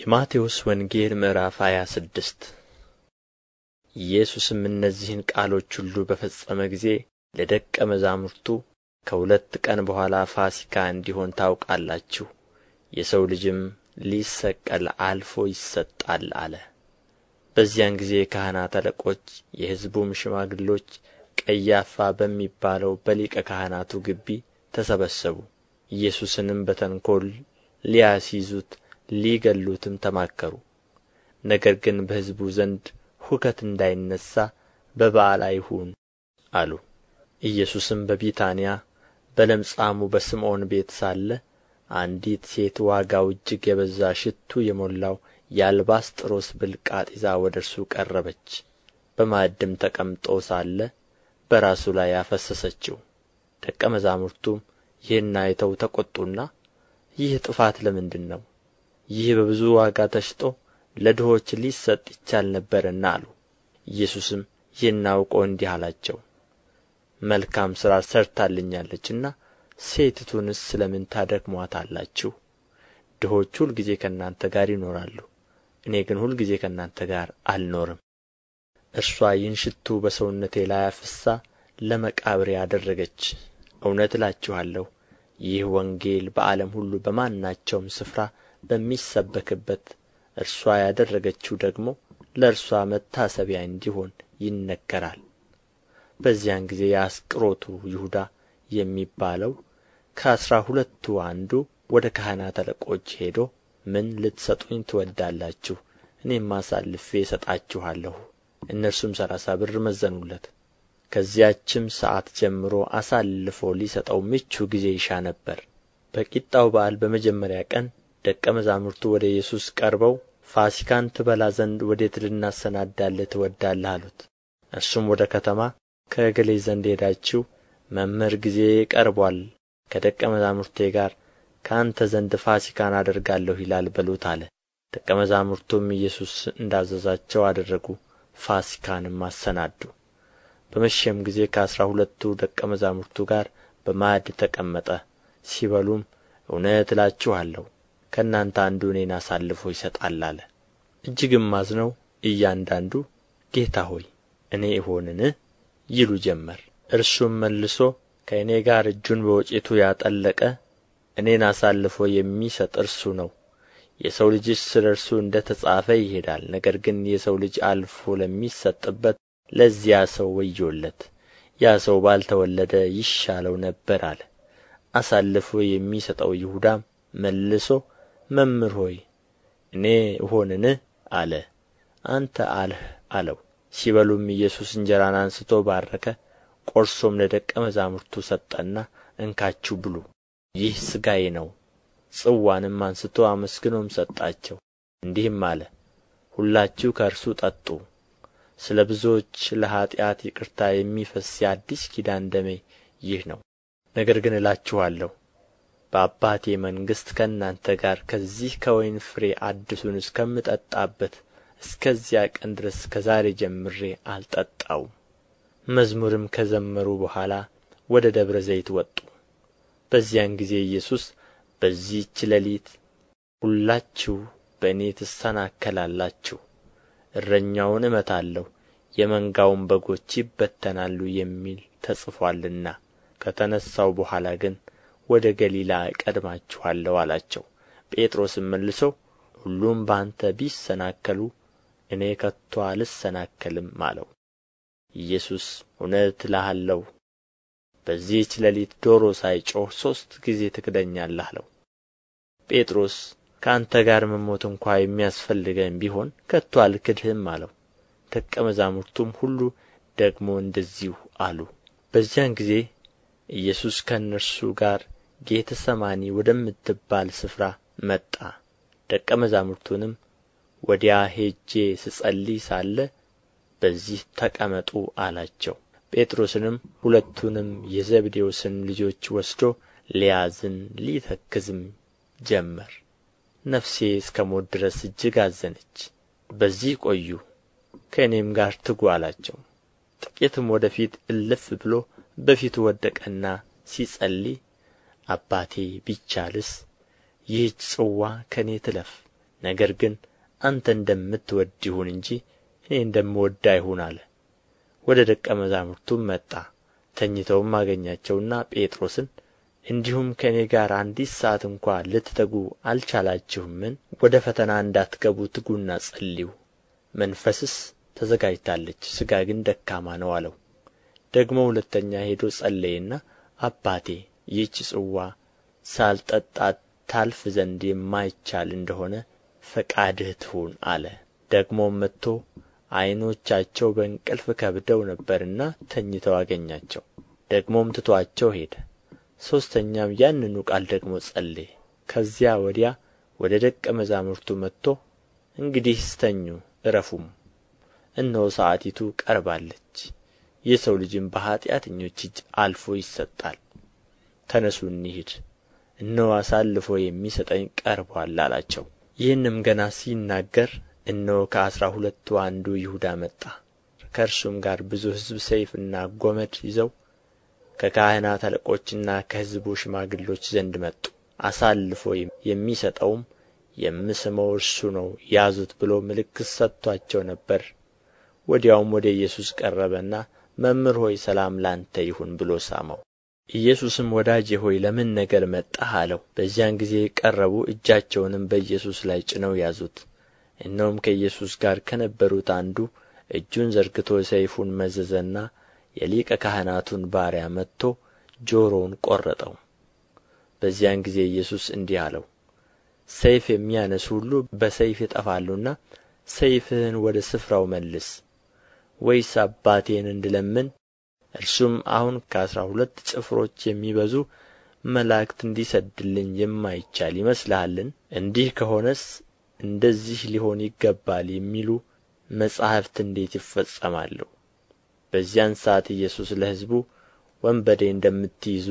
የማቴዎስ ወንጌል ምዕራፍ 26 ስድስት ኢየሱስም እነዚህን ቃሎች ሁሉ በፈጸመ ጊዜ ለደቀ መዛሙርቱ ከሁለት ቀን በኋላ ፋሲካ እንዲሆን ታውቃላችሁ፣ የሰው ልጅም ሊሰቀል አልፎ ይሰጣል አለ። በዚያን ጊዜ ካህናት አለቆች፣ የሕዝቡም ሽማግሎች ቀያፋ በሚባለው በሊቀ ካህናቱ ግቢ ተሰበሰቡ። ኢየሱስንም በተንኰል ሊያስይዙት ሊገድሉትም ተማከሩ ነገር ግን በሕዝቡ ዘንድ ሁከት እንዳይነሣ በበዓል አይሁን አሉ ኢየሱስም በቢታንያ በለምጻሙ በስምዖን ቤት ሳለ አንዲት ሴት ዋጋው እጅግ የበዛ ሽቱ የሞላው የአልባስጥሮስ ብልቃጥ ይዛ ወደ እርሱ ቀረበች በማዕድም ተቀምጦ ሳለ በራሱ ላይ አፈሰሰችው ደቀ መዛሙርቱም ይህን አይተው ተቈጡና ይህ ጥፋት ለምንድን ነው ይህ በብዙ ዋጋ ተሽጦ ለድሆች ሊሰጥ ይቻል ነበርና አሉ ኢየሱስም ይህን አውቆ እንዲህ አላቸው መልካም ሥራ ሠርታልኛለችና ሴቲቱንስ ስለ ምን ታደክሟታላችሁ? ድሆች ሁልጊዜ ከእናንተ ጋር ይኖራሉ እኔ ግን ሁልጊዜ ከእናንተ ጋር አልኖርም እርሷ ይህን ሽቱ በሰውነቴ ላይ አፍሳ ለመቃብሬ አደረገች እውነት እላችኋለሁ ይህ ወንጌል በዓለም ሁሉ በማናቸውም ስፍራ በሚሰበክበት እርሷ ያደረገችው ደግሞ ለእርሷ መታሰቢያ እንዲሆን ይነገራል በዚያን ጊዜ የአስቅሮቱ ይሁዳ የሚባለው ከአሥራ ሁለቱ አንዱ ወደ ካህናት አለቆች ሄዶ ምን ልትሰጡኝ ትወዳላችሁ እኔም አሳልፌ እሰጣችኋለሁ እነርሱም ሰላሳ ብር መዘኑለት ከዚያችም ሰዓት ጀምሮ አሳልፎ ሊሰጠው ምቹ ጊዜ ይሻ ነበር በቂጣው በዓል በመጀመሪያ ቀን ደቀ መዛሙርቱ ወደ ኢየሱስ ቀርበው ፋሲካን ትበላ ዘንድ ወዴት ልናሰናዳልህ ትወዳለህ አሉት እርሱም ወደ ከተማ ከእገሌ ዘንድ ሄዳችሁ መምህር ጊዜ ቀርቧል ከደቀ መዛሙርቴ ጋር ከአንተ ዘንድ ፋሲካን አደርጋለሁ ይላል በሉት አለ ደቀ መዛሙርቱም ኢየሱስ እንዳዘዛቸው አደረጉ ፋሲካንም አሰናዱ በመሸም ጊዜ ከአሥራ ሁለቱ ደቀ መዛሙርቱ ጋር በማዕድ ተቀመጠ ሲበሉም እውነት እላችኋለሁ ከእናንተ አንዱ እኔን አሳልፎ ይሰጣል አለ እጅግም አዝነው እያንዳንዱ ጌታ ሆይ እኔ እሆንን ይሉ ጀመር እርሱም መልሶ ከእኔ ጋር እጁን በወጭቱ ያጠለቀ እኔን አሳልፎ የሚሰጥ እርሱ ነው የሰው ልጅስ ስለ እርሱ እንደ ተጻፈ ይሄዳል ነገር ግን የሰው ልጅ አልፎ ለሚሰጥበት ለዚያ ሰው ወዮለት ያ ሰው ባልተወለደ ይሻለው ነበር አለ አሳልፎ የሚሰጠው ይሁዳም መልሶ መምህር ሆይ እኔ እሆንን አለ አንተ አልህ አለው ሲበሉም ኢየሱስ እንጀራን አንስቶ ባረከ ቈርሶም ለደቀ መዛሙርቱ ሰጠና እንካችሁ ብሉ ይህ ሥጋዬ ነው ጽዋንም አንስቶ አመስግኖም ሰጣቸው እንዲህም አለ ሁላችሁ ከእርሱ ጠጡ ስለ ብዙዎች ለኀጢአት ይቅርታ የሚፈስ የአዲስ ኪዳን ደሜ ይህ ነው ነገር ግን እላችኋለሁ በአባቴ መንግሥት ከእናንተ ጋር ከዚህ ከወይን ፍሬ አዲሱን እስከምጠጣበት እስከዚያ ቀን ድረስ ከዛሬ ጀምሬ አልጠጣውም መዝሙርም ከዘመሩ በኋላ ወደ ደብረ ዘይት ወጡ በዚያን ጊዜ ኢየሱስ በዚች ሌሊት ሁላችሁ በእኔ ትሰናከላላችሁ እረኛውን እመታለሁ የመንጋውን በጎች ይበተናሉ የሚል ተጽፎአልና ከተነሣው በኋላ ግን ወደ ገሊላ እቀድማችኋለሁ አላቸው ጴጥሮስም መልሶ ሁሉም በአንተ ቢሰናከሉ እኔ ከቶ አልሰናከልም አለው ኢየሱስ እውነት እልሃለሁ በዚህች ሌሊት ዶሮ ሳይጮኽ ሦስት ጊዜ ትክደኛለህ አለው ጴጥሮስ ከአንተ ጋር መሞት እንኳ የሚያስፈልገኝ ቢሆን ከቶ አልክድህም አለው ደቀ መዛሙርቱም ሁሉ ደግሞ እንደዚሁ አሉ በዚያን ጊዜ ኢየሱስ ከእነርሱ ጋር ጌተሰማኒ ወደምትባል ስፍራ መጣ ደቀ መዛሙርቱንም ወዲያ ሄጄ ስጸልይ ሳለ በዚህ ተቀመጡ አላቸው ጴጥሮስንም ሁለቱንም የዘብዴዎስን ልጆች ወስዶ ሊያዝን ሊተክዝም ጀመር ነፍሴ እስከ ሞት ድረስ እጅግ አዘነች በዚህ ቆዩ ከእኔም ጋር ትጉ አላቸው ጥቂትም ወደ ፊት እልፍ ብሎ በፊቱ ወደቀና ሲጸልይ አባቴ ቢቻልስ ይህች ጽዋ ከእኔ ትለፍ ነገር ግን አንተ እንደምትወድ ይሁን እንጂ እኔ እንደምወድ አይሁን አለ ወደ ደቀ መዛሙርቱም መጣ ተኝተውም አገኛቸውና ጴጥሮስን እንዲሁም ከእኔ ጋር አንዲት ሰዓት እንኳ ልትተጉ አልቻላችሁምን ወደ ፈተና እንዳትገቡ ትጉና ጸልዩ መንፈስስ ተዘጋጅታለች ሥጋ ግን ደካማ ነው አለው ደግሞ ሁለተኛ ሄዶ ጸለየና አባቴ ይህች ጽዋ ሳልጠጣት ታልፍ ዘንድ የማይቻል እንደ ሆነ ፈቃድህ ትሁን አለ ደግሞም መጥቶ ዓይኖቻቸው በእንቅልፍ ከብደው ነበርና ተኝተው አገኛቸው ደግሞም ትቶአቸው ሄደ ሦስተኛም ያንኑ ቃል ደግሞ ጸለየ ከዚያ ወዲያ ወደ ደቀ መዛሙርቱ መጥቶ እንግዲህ ስተኙ እረፉም፣ እነሆ ሰዓቲቱ ቀርባለች የሰው ልጅም በኃጢአተኞች እጅ አልፎ ይሰጣል ተነሡ እንሂድ እነሆ አሳልፎ የሚሰጠኝ ቀርቦአል አላቸው ይህንም ገና ሲናገር እነሆ ከአሥራ ሁለቱ አንዱ ይሁዳ መጣ ከእርሱም ጋር ብዙ ሕዝብ ሰይፍና ጐመድ ይዘው ከካህናት አለቆችና ከሕዝቡ ሽማግሎች ዘንድ መጡ አሳልፎ የሚሰጠውም የምስመው እርሱ ነው ያዙት ብሎ ምልክት ሰጥቶአቸው ነበር ወዲያውም ወደ ኢየሱስ ቀረበና መምህር ሆይ ሰላም ላንተ ይሁን ብሎ ሳመው ኢየሱስም ወዳጄ ሆይ ለምን ነገር መጣህ አለው በዚያን ጊዜ ቀረቡ እጃቸውንም በኢየሱስ ላይ ጭነው ያዙት እነሆም ከኢየሱስ ጋር ከነበሩት አንዱ እጁን ዘርግቶ ሰይፉን መዘዘና የሊቀ ካህናቱን ባሪያ መጥቶ ጆሮውን ቈረጠው በዚያን ጊዜ ኢየሱስ እንዲህ አለው ሰይፍ የሚያነሱ ሁሉ በሰይፍ ይጠፋሉና ሰይፍህን ወደ ስፍራው መልስ ወይስ አባቴን እንድለምን እርሱም አሁን ከአሥራ ሁለት ጭፍሮች የሚበዙ መላእክት እንዲሰድልኝ የማይቻል ይመስልሃልን እንዲህ ከሆነስ እንደዚህ ሊሆን ይገባል የሚሉ መጻሕፍት እንዴት ይፈጸማሉ በዚያን ሰዓት ኢየሱስ ለሕዝቡ ወንበዴ እንደምትይዙ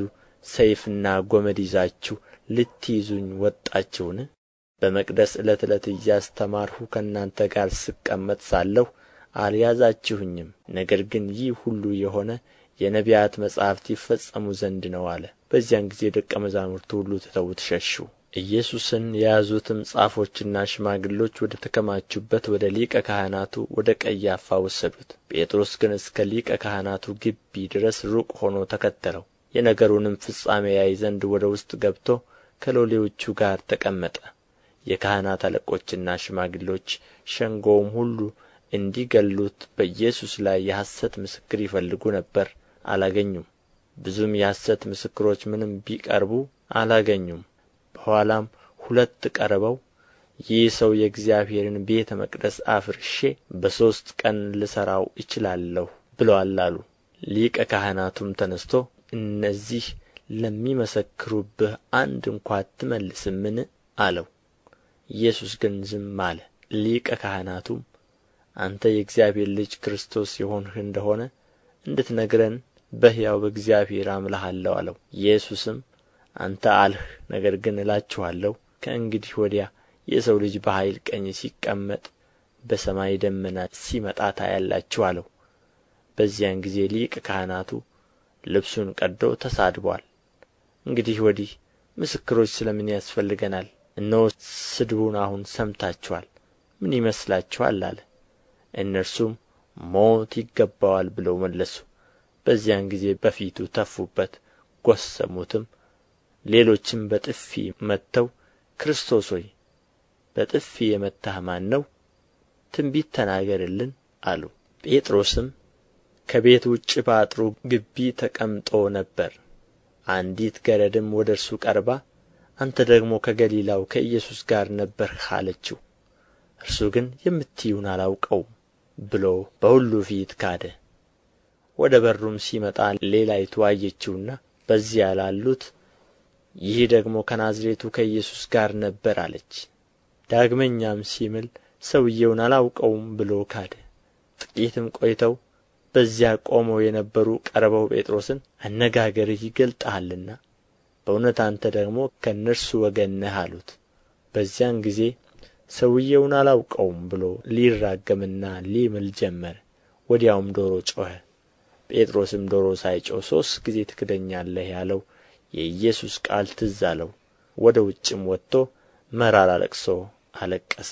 ሰይፍና ጐመድ ይዛችሁ ልትይዙኝ ወጣችሁን በመቅደስ ዕለት ዕለት እያስተማርሁ ከእናንተ ጋር ስቀመጥ ሳለሁ አልያዛችሁኝም ነገር ግን ይህ ሁሉ የሆነ የነቢያት መጻሕፍት ይፈጸሙ ዘንድ ነው አለ በዚያን ጊዜ ደቀ መዛሙርቱ ሁሉ ትተውት ሸሹ ኢየሱስን የያዙትም ጻፎችና ሽማግሎች ወደ ተከማቹበት ወደ ሊቀ ካህናቱ ወደ ቀያፋ ወሰዱት ጴጥሮስ ግን እስከ ሊቀ ካህናቱ ግቢ ድረስ ሩቅ ሆኖ ተከተለው የነገሩንም ፍጻሜ ያይ ዘንድ ወደ ውስጥ ገብቶ ከሎሌዎቹ ጋር ተቀመጠ የካህናት አለቆችና ሽማግሎች ሸንጎውም ሁሉ እንዲገሉት በኢየሱስ ላይ የሐሰት ምስክር ይፈልጉ ነበር አላገኙም ብዙም የሐሰት ምስክሮች ምንም ቢቀርቡ አላገኙም በኋላም ሁለት ቀርበው ይህ ሰው የእግዚአብሔርን ቤተ መቅደስ አፍርሼ በሦስት ቀን ልሠራው እችላለሁ ብለዋል አሉ ሊቀ ካህናቱም ተነሥቶ እነዚህ ለሚመሰክሩብህ አንድ እንኳ አትመልስምን አለው ኢየሱስ ግን ዝም አለ ሊቀ ካህናቱም አንተ የእግዚአብሔር ልጅ ክርስቶስ የሆንህ እንደ ሆነ እንድትነግረን በሕያው በእግዚአብሔር አምልሃለሁ አለው ኢየሱስም አንተ አልህ ነገር ግን እላችኋለሁ ከእንግዲህ ወዲያ የሰው ልጅ በኃይል ቀኝ ሲቀመጥ በሰማይ ደመና ሲመጣ ታያላችሁ አለው በዚያን ጊዜ ሊቅ ካህናቱ ልብሱን ቀዶ ተሳድቧል እንግዲህ ወዲህ ምስክሮች ስለ ምን ያስፈልገናል እነሆ ስድቡን አሁን ሰምታችኋል ምን ይመስላችኋል አለ እነርሱም ሞት ይገባዋል ብለው መለሱ በዚያን ጊዜ በፊቱ ተፉበት ጐሰሙትም ሌሎችም በጥፊ መትተው ክርስቶስ ሆይ በጥፊ የመታህ ማን ነው ትንቢት ተናገርልን አሉ ጴጥሮስም ከቤት ውጭ በአጥሩ ግቢ ተቀምጦ ነበር አንዲት ገረድም ወደ እርሱ ቀርባ አንተ ደግሞ ከገሊላው ከኢየሱስ ጋር ነበርህ አለችው እርሱ ግን የምትዪውን አላውቀውም ብሎ በሁሉ ፊት ካደ ወደ በሩም ሲመጣ ሌላይቱ አየችውና በዚያ ላሉት ይህ ደግሞ ከናዝሬቱ ከኢየሱስ ጋር ነበር አለች ዳግመኛም ሲምል ሰውየውን አላውቀውም ብሎ ካደ ጥቂትም ቆይተው በዚያ ቆመው የነበሩ ቀርበው ጴጥሮስን አነጋገርህ ይገልጣልና በእውነት አንተ ደግሞ ከእነርሱ ወገን ነህ አሉት በዚያን ጊዜ ሰውየውን አላውቀውም ብሎ ሊራገምና ሊምል ጀመር ወዲያውም ዶሮ ጮኸ ጴጥሮስም ዶሮ ሳይጮኽ ሦስት ጊዜ ትክደኛለህ ያለው የኢየሱስ ቃል ትዝ አለው ወደ ውጭም ወጥቶ መራራ ለቅሶ አለቀሰ